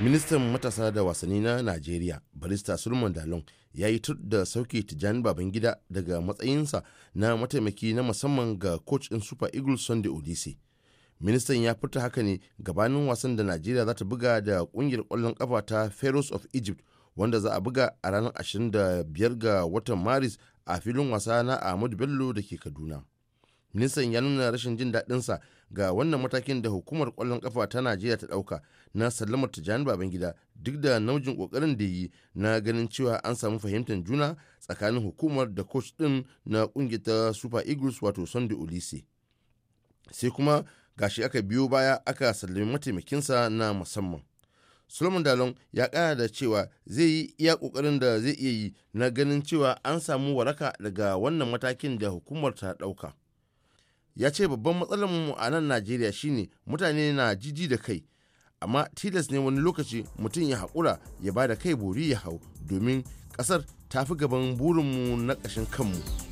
ministan matasa da wasanni na najeriya barista sulman dalon ya yi tur da sauke tijjani babangida daga matsayinsa na mataimaki na musamman ga coach in super eagles sunday odise ministan ya fita haka ne gabanin wasan da najeriya za ta buga da kungiyar kwallon kafa ta pharaohs of egypt wanda za a buga a ranar 25 ga watan maris a filin wasa na ahmadu bello da ke kaduna nisan ya nuna rashin jin daɗinsa ga wannan matakin da hukumar kwallon kafa ta najeriya ta ɗauka na sallamar tijjani babangida duk da namijin ƙoƙarin da yi na ganin cewa an samu fahimtar juna tsakanin hukumar da coach ɗin na ƙungiyar ta super eagles wato sunday olise sai kuma gashi aka biyo baya aka sallami mataimakinsa na musamman solomon dalon ya kara da cewa zai yi iya kokarin da zai iya yi na ganin cewa an samu waraka daga wannan matakin da hukumar ta ɗauka. ya ce babban matsalar mu a nan najeriya shine mutane na jiji da kai amma tilas ne wani lokaci mutum ya haƙura ya ba da kai bori ya hau domin ƙasar ta fi gaban burinmu na ƙashin kanmu.